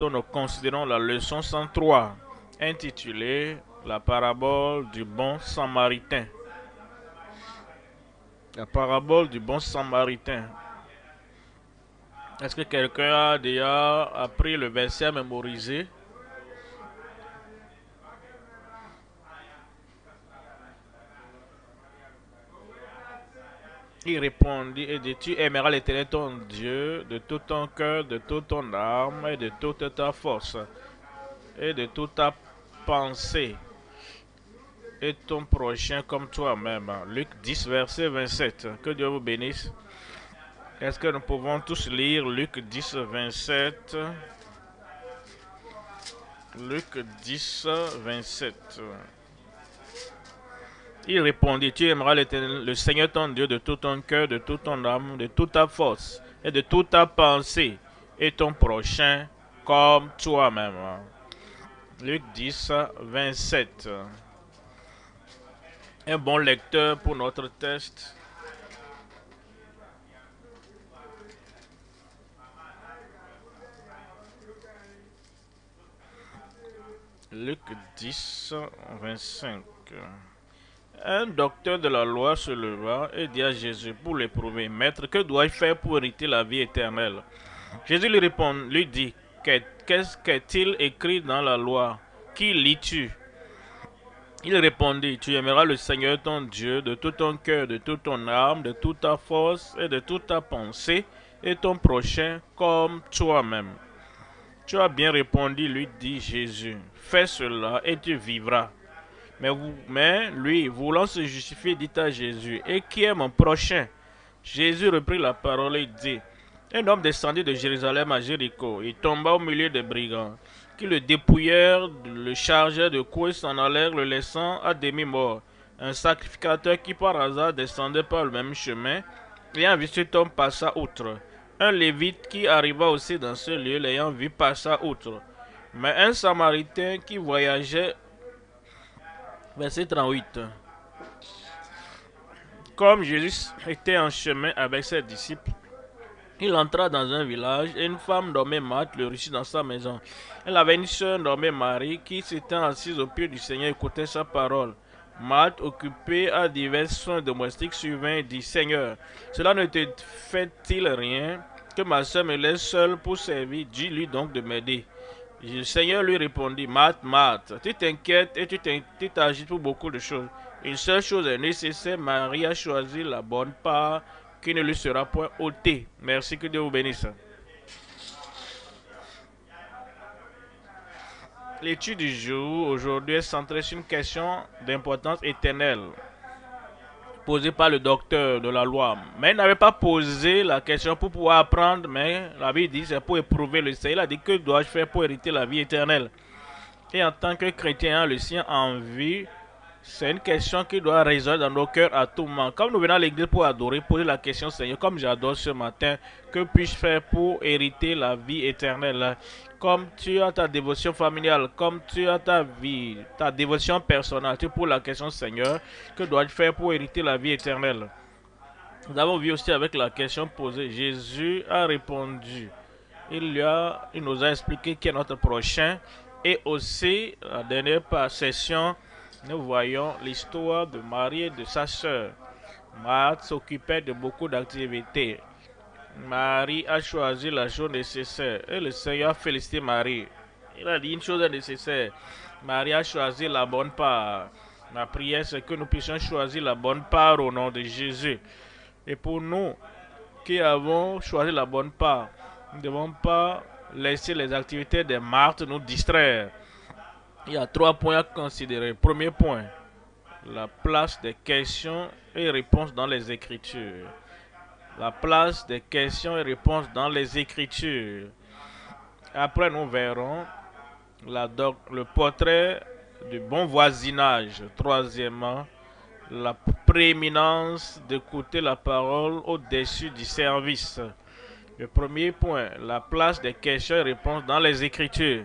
nous considérons la leçon 103 intitulée La parabole du bon samaritain. La parabole du bon samaritain. Est-ce que quelqu'un a déjà appris le verset à mémoriser Il répondit et dit, tu aimeras l'Éternel ton Dieu de tout ton cœur, de toute ton âme et de toute ta force et de toute ta pensée et ton prochain comme toi-même. Luc 10, verset 27. Que Dieu vous bénisse. Est-ce que nous pouvons tous lire Luc 10, 27 Luc 10, 27. Il répondit, tu aimeras le, Seigneur ton Dieu de tout ton cœur, de toute ton âme, de toute ta force et de toute ta pensée, et ton prochain comme toi-même. Luc 10, 27. Un bon lecteur pour notre test. Luc 10, 25. Un docteur de la loi se leva et dit à Jésus pour le prouver, Maître, que dois-je faire pour hériter la vie éternelle Jésus lui répond, lui dit, Qu'est-ce qu'est-il écrit dans la loi Qui lis-tu Il répondit, Tu aimeras le Seigneur ton Dieu de tout ton cœur, de toute ton âme, de toute ta force et de toute ta pensée, et ton prochain comme toi-même. Tu as bien répondu, lui dit Jésus, fais cela et tu vivras. Mais, lui, voulant se justifier, dit à Jésus, et qui est mon prochain Jésus reprit la parole et dit, un homme descendit de Jérusalem à Jéricho, il tomba au milieu des brigands, qui le dépouillèrent, le chargèrent de coups et s'en allèrent, le laissant à demi-mort. Un sacrificateur qui par hasard descendait par le même chemin, ayant vu cet homme passa outre. Un lévite qui arriva aussi dans ce lieu, l'ayant vu, passa outre. Mais un samaritain qui voyageait Verset 38. Comme Jésus était en chemin avec ses disciples, il entra dans un village et une femme nommée Marthe le reçut dans sa maison. Elle avait une soeur nommée Marie qui s'était assise au pied du Seigneur et écoutait sa parole. Marthe, occupée à divers soins domestiques, suivait et dit Seigneur, cela ne te fait-il rien que ma soeur me laisse seule pour servir Dis-lui donc de m'aider. Le Seigneur lui répondit, Marthe, Marthe, tu t'inquiètes et tu t'agites pour beaucoup de choses. Une seule chose est nécessaire, Marie a choisi la bonne part qui ne lui sera point ôtée. Merci, que Dieu vous bénisse. L'étude du jour aujourd'hui est centrée sur une question d'importance éternelle. Posé par le docteur de la loi. Mais il n'avait pas posé la question pour pouvoir apprendre, mais la vie dit c'est pour éprouver le Seigneur. Il a dit que dois-je faire pour hériter la vie éternelle Et en tant que chrétien, hein, le sien en vie, c'est une question qui doit résoudre dans nos cœurs à tout moment. Comme nous venons à l'église pour adorer, poser la question Seigneur, comme j'adore ce matin, que puis-je faire pour hériter la vie éternelle comme tu as ta dévotion familiale, comme tu as ta vie, ta dévotion personnelle, tu pour la question Seigneur, que dois-je faire pour hériter la vie éternelle Nous avons vu aussi avec la question posée, Jésus a répondu. Il, nous a expliqué qui est notre prochain. Et aussi, la dernière session, nous voyons l'histoire de Marie et de sa sœur. Marie s'occupait de beaucoup d'activités. Marie a choisi la chose nécessaire. Et le Seigneur a félicité Marie. Il a dit une chose nécessaire. Marie a choisi la bonne part. Ma prière, c'est que nous puissions choisir la bonne part au nom de Jésus. Et pour nous qui avons choisi la bonne part, nous ne devons pas laisser les activités de Marthe nous distraire. Il y a trois points à considérer. Premier point, la place des questions et réponses dans les Écritures la place des questions et réponses dans les Écritures. Après, nous verrons le portrait du bon voisinage. Troisièmement, la prééminence d'écouter la parole au-dessus du service. Le premier point, la place des questions et réponses dans les Écritures.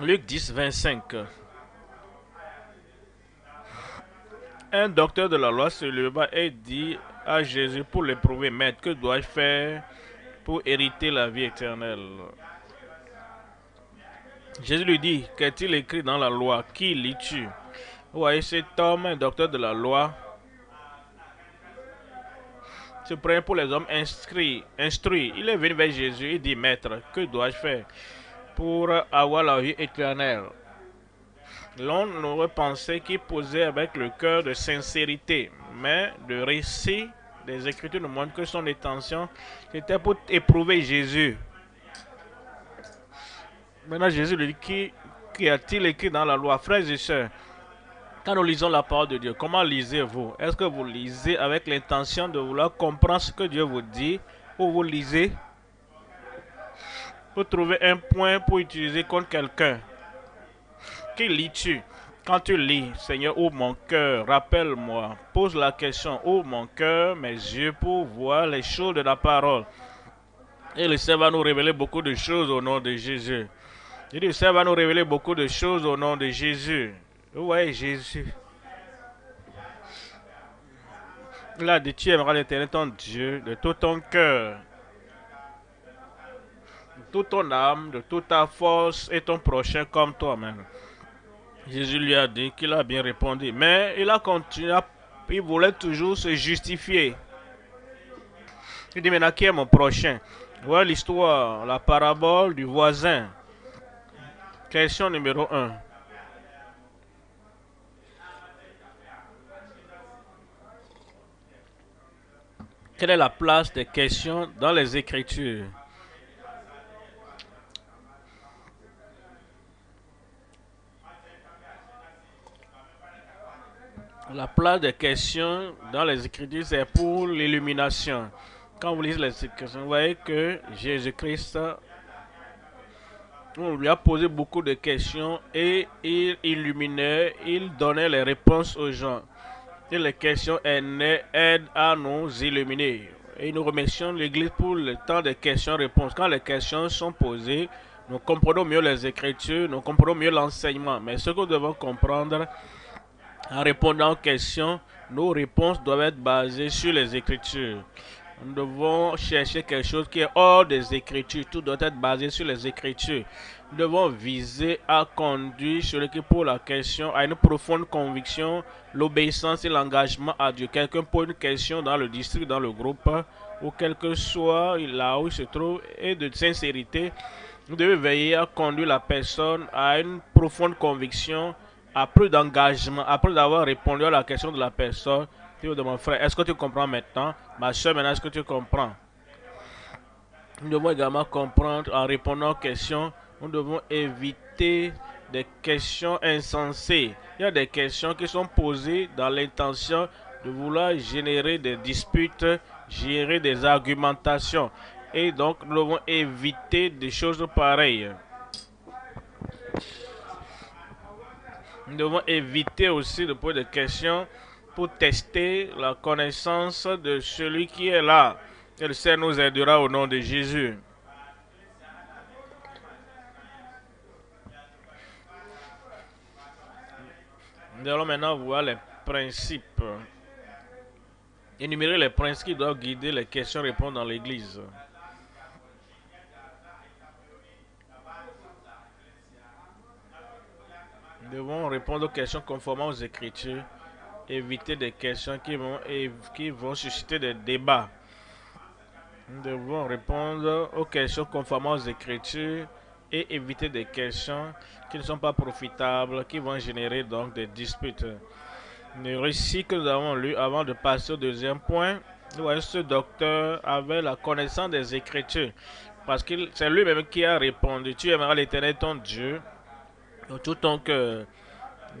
Luc 10, 25. Un docteur de la loi se leva et dit à Jésus pour l'éprouver, Maître, que dois-je faire pour hériter la vie éternelle Jésus lui dit, qu'est-il écrit dans la loi Qui lis-tu Voyez cet homme, un docteur de la loi, se prend pour les hommes inscrits, instruits. Il est venu vers Jésus et dit, Maître, que dois-je faire pour avoir la vie éternelle l'on aurait pensé qu'il posait avec le cœur de sincérité, mais le récit des Écritures nous montre que son intention était pour éprouver Jésus. Maintenant, Jésus lui dit qui a-t-il écrit dans la loi Frères et sœurs, quand nous lisons la parole de Dieu, comment lisez-vous Est-ce que vous lisez avec l'intention de vouloir comprendre ce que Dieu vous dit ou vous lisez pour trouver un point pour utiliser contre quelqu'un que lis-tu Quand tu lis, Seigneur, ouvre mon cœur, rappelle-moi, pose la question, ouvre mon cœur, mes yeux pour voir les choses de la parole. Et le Seigneur va nous révéler beaucoup de choses au nom de Jésus. dit le Seigneur va nous révéler beaucoup de choses au nom de Jésus. Vous voyez Jésus. a dit, tu aimeras l'éternel ton Dieu de tout ton cœur, de toute ton âme, de toute ta force et ton prochain comme toi-même. Jésus lui a dit qu'il a bien répondu, mais il a continué, il voulait toujours se justifier. Il dit maintenant qui est mon prochain Voilà l'histoire, la parabole du voisin. Question numéro 1. Quelle est la place des questions dans les Écritures La place des questions dans les Écritures, c'est pour l'illumination. Quand vous lisez les Écritures, vous voyez que Jésus-Christ, on lui a posé beaucoup de questions et il illuminait, il donnait les réponses aux gens. Et les questions aident à nous illuminer. Et nous remercions l'Église pour le temps des questions-réponses. Quand les questions sont posées, nous comprenons mieux les Écritures, nous comprenons mieux l'enseignement. Mais ce que nous devons comprendre, en répondant aux questions, nos réponses doivent être basées sur les Écritures. Nous devons chercher quelque chose qui est hors des Écritures. Tout doit être basé sur les Écritures. Nous devons viser à conduire celui qui pose la question à une profonde conviction, l'obéissance et l'engagement à Dieu. Quelqu'un pose une question dans le district, dans le groupe, ou quel que soit là où il se trouve, et de sincérité. Nous devons veiller à conduire la personne à une profonde conviction, après d'engagement, après d'avoir répondu à la question de la personne, tu me demandes, frère, est-ce que tu comprends maintenant Ma soeur, maintenant, est-ce que tu comprends Nous devons également comprendre en répondant aux questions, nous devons éviter des questions insensées. Il y a des questions qui sont posées dans l'intention de vouloir générer des disputes, générer des argumentations. Et donc, nous devons éviter des choses pareilles. Nous devons éviter aussi de poser des questions pour tester la connaissance de celui qui est là. Et le nous aidera au nom de Jésus. Nous allons maintenant voir les principes. Énumérer les principes qui doivent guider les questions répondant dans l'Église. devons répondre aux questions conformément aux Écritures, éviter des questions qui vont, qui vont susciter des débats. Nous devons répondre aux questions conformément aux Écritures et éviter des questions qui ne sont pas profitables, qui vont générer donc des disputes. Le récit que nous avons lu avant de passer au deuxième point, nous voyons ce docteur avait la connaissance des Écritures, parce que c'est lui-même qui a répondu, tu aimeras l'Éternel ton Dieu de tout ton cœur,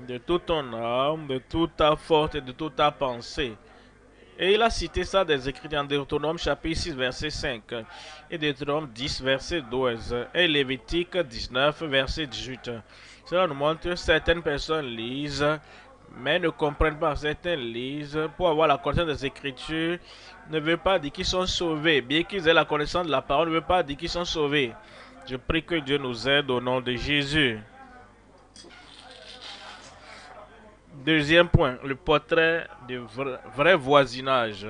de toute ton âme, de toute ta force et de toute ta pensée. Et il a cité ça des Écritures en Deutéronome chapitre 6 verset 5 et Deutéronome 10 verset 12 et Lévitique 19 verset 18. Cela nous montre que certaines personnes lisent mais ne comprennent pas. Certaines lisent pour avoir la connaissance des Écritures ne veut pas dire qu'ils sont sauvés. Bien qu'ils aient la connaissance de la parole ne veut pas dire qu'ils sont sauvés. Je prie que Dieu nous aide au nom de Jésus. Deuxième point, le portrait de vrai, voisinage.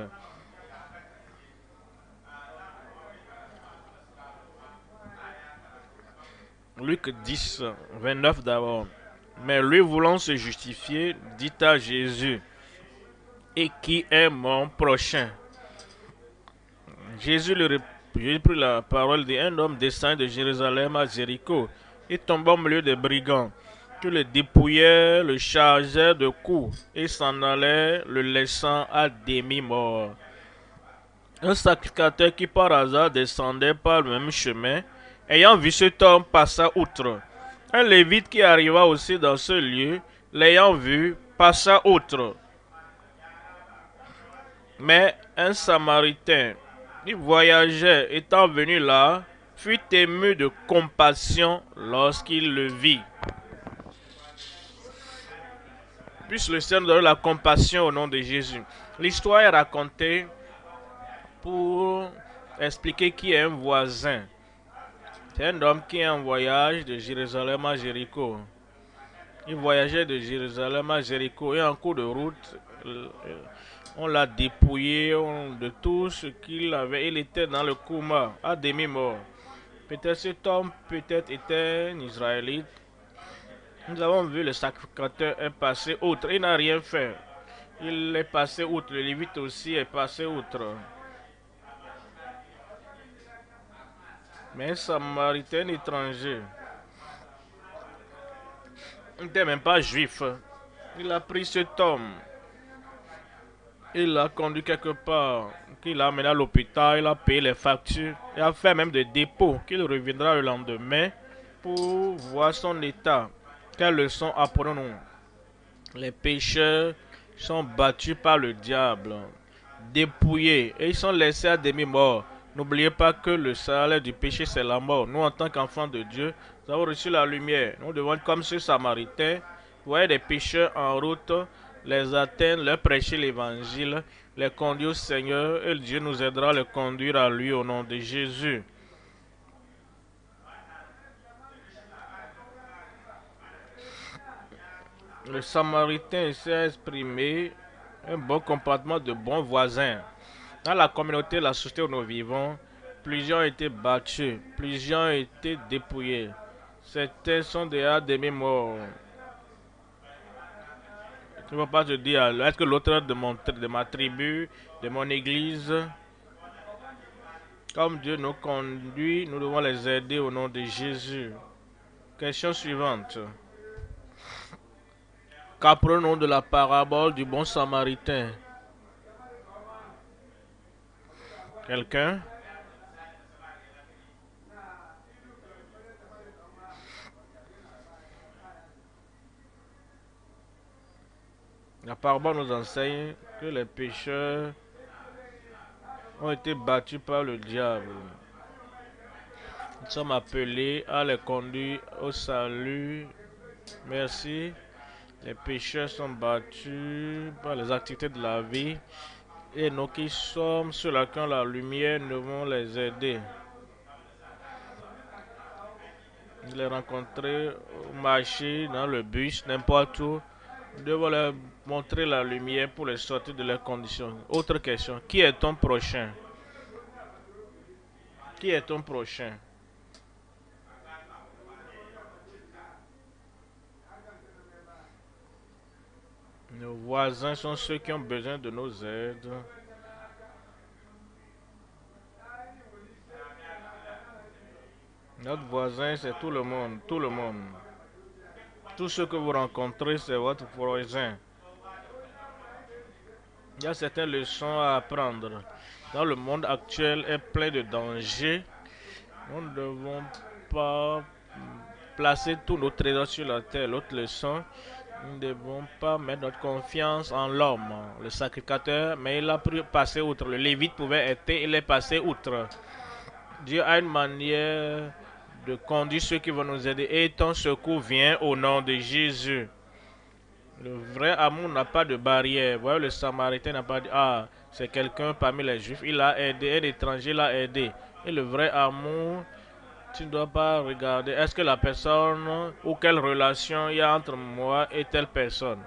Luc 10, 29 d'abord. Mais lui voulant se justifier, dit à Jésus, et qui est mon prochain Jésus lui pris la parole d'un homme descend de Jérusalem à Jéricho et tombant au milieu des brigands le dépouillait, le chargeait de coups et s'en allait, le laissant à demi-mort. Un sacrificateur qui par hasard descendait par le même chemin, ayant vu cet homme, passa outre. Un lévite qui arriva aussi dans ce lieu, l'ayant vu, passa outre. Mais un samaritain qui voyageait, étant venu là, fut ému de compassion lorsqu'il le vit. Puisse le Seigneur donne la compassion au nom de Jésus. L'histoire est racontée pour expliquer qui est un voisin. C'est un homme qui est en voyage de Jérusalem à Jéricho. Il voyageait de Jérusalem à Jéricho et en cours de route, euh, on l'a dépouillé de tout ce qu'il avait. Il était dans le coma, à demi-mort. Peut-être cet homme, peut-être était un Israélite nous avons vu le sacrificateur est passé outre. Il n'a rien fait. Il est passé outre. Le Lévite aussi est passé outre. Mais un Samaritain étranger n'était même pas juif. Il a pris cet homme. Il l'a conduit quelque part. Il l'a amené à l'hôpital. Il a payé les factures. Il a fait même des dépôts qu'il reviendra le lendemain pour voir son état. Quelle leçon apprenons-nous Les pécheurs sont battus par le diable, dépouillés et ils sont laissés à demi-morts. N'oubliez pas que le salaire du péché, c'est la mort. Nous, en tant qu'enfants de Dieu, nous avons reçu la lumière. Nous devons être comme ce Samaritain. Vous voyez des pécheurs en route, les atteindre, leur prêcher l'évangile, les conduire au Seigneur, et Dieu nous aidera à les conduire à lui au nom de Jésus. le Samaritain s'est exprimé un bon comportement de bon voisin. Dans la communauté, la société où nous vivons, plusieurs ont été battus, plusieurs ont été dépouillés. Certains sont déjà des morts Tu ne peux pas te dire, est-ce que l'auteur de, de ma tribu, de mon église, comme Dieu nous conduit, nous devons les aider au nom de Jésus. Question suivante. Qu'apprenons de la parabole du bon samaritain Quelqu'un La parabole nous enseigne que les pécheurs ont été battus par le diable. Nous sommes appelés à les conduire au salut. Merci. Les pécheurs sont battus par les activités de la vie et nous qui sommes sur la la lumière nous devons les aider. Les rencontrer au marché, dans le bus, n'importe où. Nous devons leur montrer la lumière pour les sortir de leurs conditions. Autre question, qui est ton prochain Qui est ton prochain Nos voisins sont ceux qui ont besoin de nos aides. Notre voisin, c'est tout le monde, tout le monde. Tout ce que vous rencontrez, c'est votre voisin. Il y a certaines leçons à apprendre. Dans le monde actuel est plein de dangers. Nous ne devons pas placer tous nos trésors sur la terre. L'autre leçon, nous ne devons pas mettre notre confiance en l'homme, le sacrificateur, mais il a passer outre. Le Lévite pouvait être, il est passé outre. Dieu a une manière de conduire ceux qui vont nous aider. Et ton secours vient au nom de Jésus. Le vrai amour n'a pas de barrière. Voyez, le Samaritain n'a pas dit, ah, c'est quelqu'un parmi les Juifs. Il a aidé, un étranger l'a aidé. Et le vrai amour tu ne dois pas regarder est-ce que la personne ou quelle relation il y a entre moi et telle personne.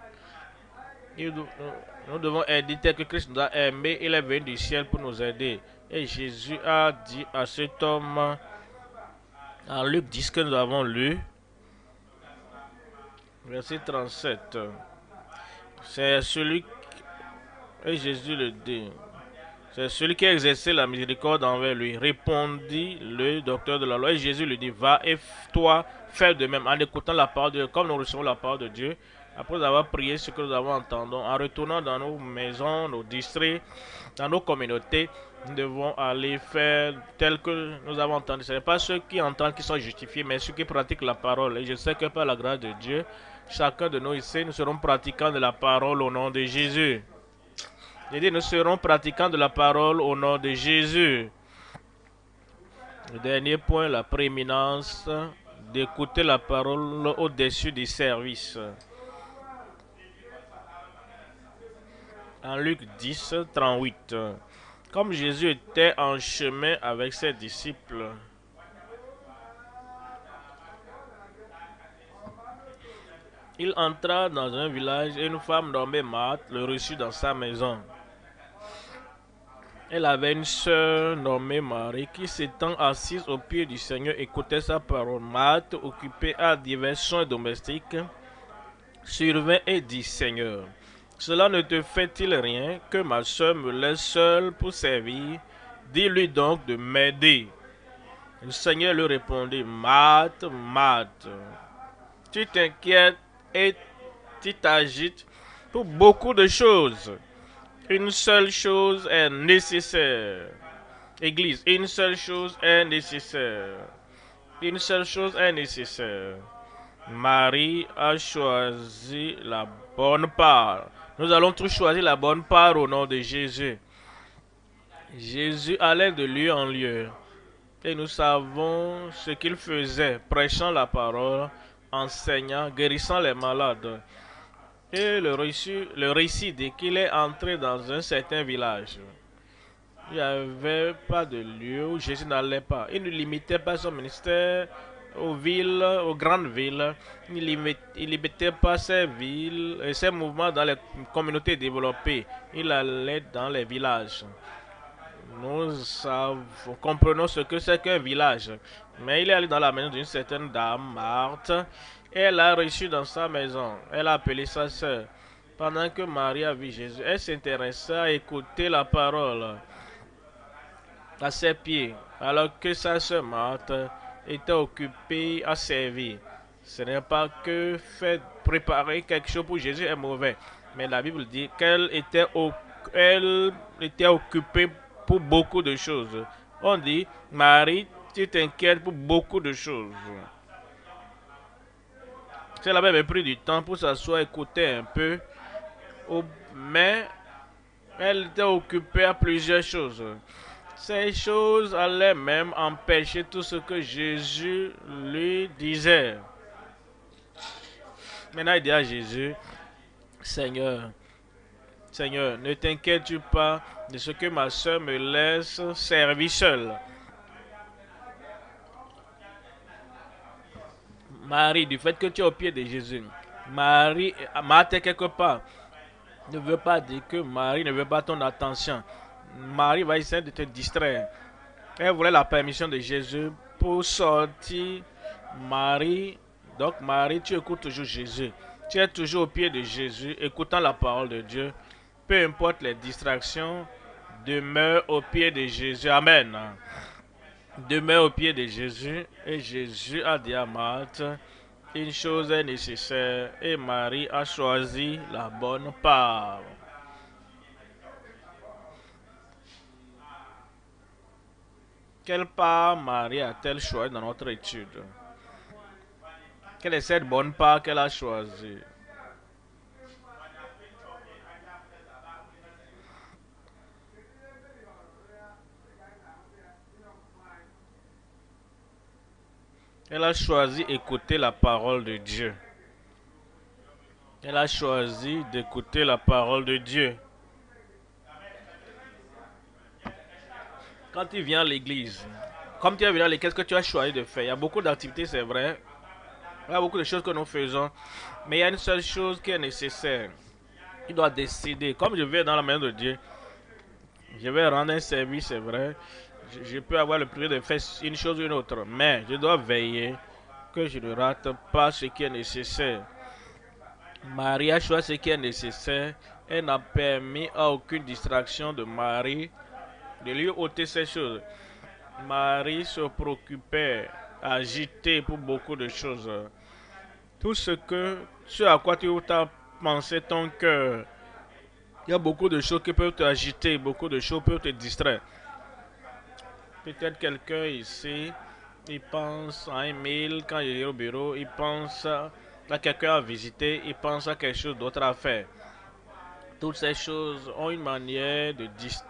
Nous devons aider que Christ nous a aimés. Il est venu du ciel pour nous aider. Et Jésus a dit à cet homme, en Luc 10 que nous avons lu, verset 37, c'est celui et Jésus le dit. C'est celui qui a exercé la miséricorde envers lui. Répondit le docteur de la loi. Et Jésus lui dit, va et toi, fais de même. En écoutant la parole de Dieu, comme nous recevons la parole de Dieu, après avoir prié ce que nous avons entendu, en retournant dans nos maisons, nos districts, dans nos communautés, nous devons aller faire tel que nous avons entendu. Ce n'est pas ceux qui entendent qui sont justifiés, mais ceux qui pratiquent la parole. Et je sais que par la grâce de Dieu, chacun de nous ici, nous serons pratiquants de la parole au nom de Jésus. Il dit, nous serons pratiquants de la parole au nom de Jésus. Le dernier point, la prééminence d'écouter la parole au-dessus du service. En Luc 10, 38. Comme Jésus était en chemin avec ses disciples, il entra dans un village et une femme nommée Marthe le reçut dans sa maison. Elle avait une sœur nommée Marie qui s'étant assise au pied du Seigneur écoutait sa parole. Marthe, occupée à divers soins domestiques, survint et dit Seigneur, cela ne te fait-il rien que ma sœur me laisse seule pour servir Dis-lui donc de m'aider. Le Seigneur lui répondit, Marthe, Matt, tu t'inquiètes et tu t'agites pour beaucoup de choses. Une seule chose est nécessaire. Église, une seule chose est nécessaire. Une seule chose est nécessaire. Marie a choisi la bonne part. Nous allons tous choisir la bonne part au nom de Jésus. Jésus allait de lieu en lieu. Et nous savons ce qu'il faisait, prêchant la parole, enseignant, guérissant les malades et le récit, le récit dit qu'il est entré dans un certain village. Il n'y avait pas de lieu où Jésus n'allait pas. Il ne limitait pas son ministère aux villes, aux grandes villes. Il ne limitait pas ses villes et ses mouvements dans les communautés développées. Il allait dans les villages. Nous comprenons ce que c'est qu'un village. Mais il est allé dans la maison d'une certaine dame, Marthe, elle a reçu dans sa maison. Elle a appelé sa sœur. Pendant que Marie a vu Jésus, elle s'intéressa à écouter la parole à ses pieds, alors que sa sœur Marthe était occupée à servir. Ce n'est pas que fait préparer quelque chose pour Jésus est mauvais, mais la Bible dit qu'elle était, était occupée pour beaucoup de choses. On dit, Marie, tu t'inquiètes pour beaucoup de choses. Elle avait pris du temps pour s'asseoir, écouter un peu, mais elle était occupée à plusieurs choses. Ces choses allaient même empêcher tout ce que Jésus lui disait. Maintenant, il dit à Jésus, Seigneur, Seigneur, ne t'inquiètes-tu pas de ce que ma soeur me laisse servir seule. Marie, du fait que tu es au pied de Jésus, Marie, Marthe quelque part, ne veut pas dire que Marie ne veut pas ton attention. Marie va essayer de te distraire. Elle voulait la permission de Jésus pour sortir. Marie, donc Marie, tu écoutes toujours Jésus. Tu es toujours au pied de Jésus, écoutant la parole de Dieu. Peu importe les distractions, demeure au pied de Jésus. Amen. Demain au pied de Jésus, et Jésus a dit à Marthe, une chose est nécessaire, et Marie a choisi la bonne part. Quelle part Marie a-t-elle choisi dans notre étude Quelle est cette bonne part qu'elle a choisie Elle a choisi d'écouter la parole de Dieu. Elle a choisi d'écouter la parole de Dieu. Quand tu viens à l'église, comme tu es venu à l'église, qu'est-ce que tu as choisi de faire Il y a beaucoup d'activités, c'est vrai. Il y a beaucoup de choses que nous faisons. Mais il y a une seule chose qui est nécessaire. Il doit décider. Comme je vais dans la main de Dieu, je vais rendre un service, c'est vrai je peux avoir le privilège de faire une chose ou une autre, mais je dois veiller que je ne rate pas ce qui est nécessaire. Marie a choisi ce qui est nécessaire. et n'a permis à aucune distraction de Marie de lui ôter ces choses. Marie se préoccupait, agitée pour beaucoup de choses. Tout ce que, ce à quoi tu as pensé ton cœur, il y a beaucoup de choses qui peuvent t'agiter, beaucoup de choses peuvent te distraire. Peut-être quelqu'un ici, il pense à un mail quand il est au bureau, il pense à quelqu'un à visiter, il pense à quelque chose d'autre à faire. Toutes ces choses ont une manière de,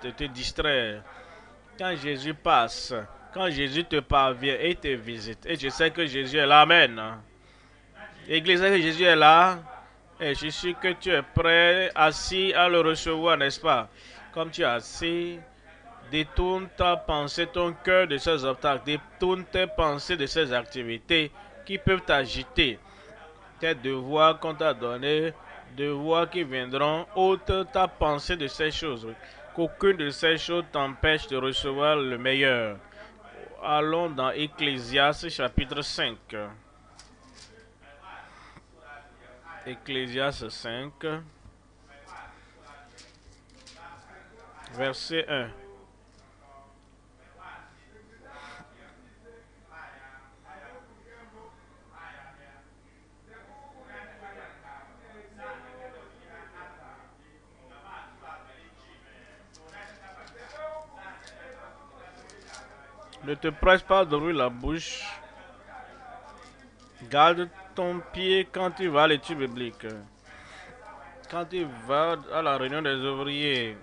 te distraire. Quand Jésus passe, quand Jésus te parvient et te visite, et je sais que Jésus est là, Amen. L'église, hein. que Jésus est là, et eh, je suis que tu es prêt, assis à le recevoir, n'est-ce pas? Comme tu es assis, Détourne ta pensée, ton cœur de ces obstacles. Détourne tes pensées de ces activités qui peuvent t'agiter. Tes devoirs qu'on t'a donnés, devoirs qui viendront, ôte ta pensée de ces choses. Qu'aucune de ces choses t'empêche de recevoir le meilleur. Allons dans Ecclésiaste chapitre 5. ecclésias 5, verset 1. Ne te presse pas d'ouvrir la bouche. Garde ton pied quand tu vas à l'étude biblique. Quand tu vas à la réunion des ouvriers.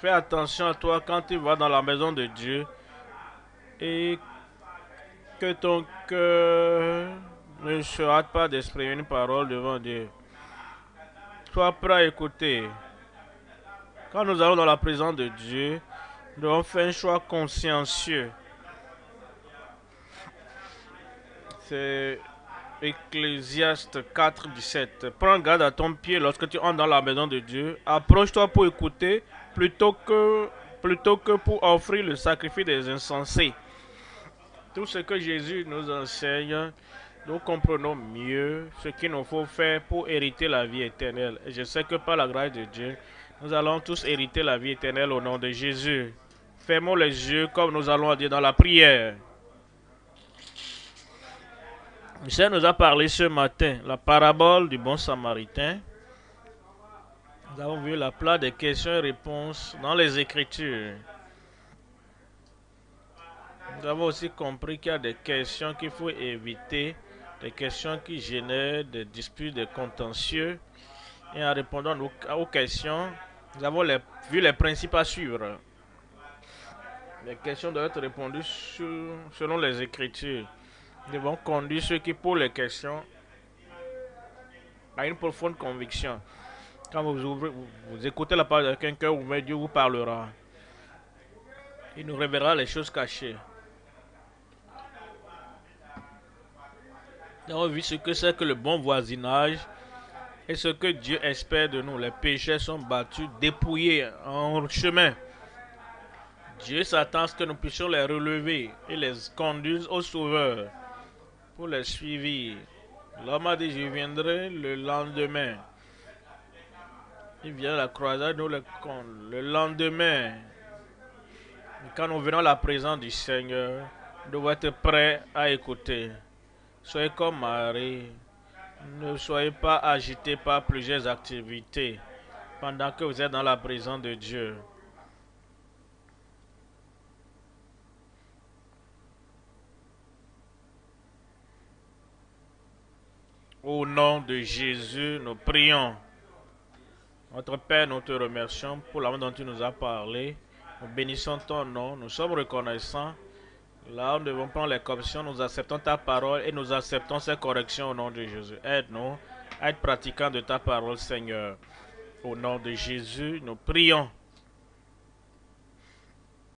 Fais attention à toi quand tu vas dans la maison de Dieu. Et que ton cœur ne se hâte pas d'exprimer une parole devant Dieu. Sois prêt à écouter. Quand nous allons dans la présence de Dieu, nous devons faire un choix consciencieux. C'est Ecclésiaste 4, 17. Prends garde à ton pied lorsque tu entres dans la maison de Dieu. Approche-toi pour écouter plutôt que, plutôt que pour offrir le sacrifice des insensés. Tout ce que Jésus nous enseigne, nous comprenons mieux ce qu'il nous faut faire pour hériter la vie éternelle. je sais que par la grâce de Dieu, nous allons tous hériter la vie éternelle au nom de Jésus. Fermons les yeux comme nous allons dire dans la prière. Le nous a parlé ce matin, la parabole du bon samaritain. Nous avons vu la place des questions et réponses dans les Écritures. Nous avons aussi compris qu'il y a des questions qu'il faut éviter, des questions qui génèrent des disputes, des contentieux. Et en répondant aux questions, nous avons vu les principes à suivre. Les questions doivent être répondues selon les Écritures. Nous devons conduire ceux qui posent les questions à une profonde conviction. Quand vous, ouvrez, vous, écoutez la parole de quelqu'un, ouvert, Dieu vous parlera. Il nous révélera les choses cachées. Nous avons vu ce que c'est que le bon voisinage et ce que Dieu espère de nous. Les péchés sont battus, dépouillés en chemin. Dieu s'attend à ce que nous puissions les relever et les conduire au Sauveur pour les suivre. L'homme a dit, je viendrai le lendemain. Il vient à la croisade, nous le Le lendemain, quand nous venons à la présence du Seigneur, nous devons être prêts à écouter. Soyez comme Marie. Ne soyez pas agité par plusieurs activités pendant que vous êtes dans la présence de Dieu. Au nom de Jésus, nous prions. Notre Père, nous te remercions pour main dont tu nous as parlé. Nous bénissons ton nom. Nous sommes reconnaissants Là, nous devons prendre les corrections. Nous acceptons ta parole et nous acceptons ces corrections au nom de Jésus. Aide-nous à être pratiquants de ta parole, Seigneur. Au nom de Jésus, nous prions.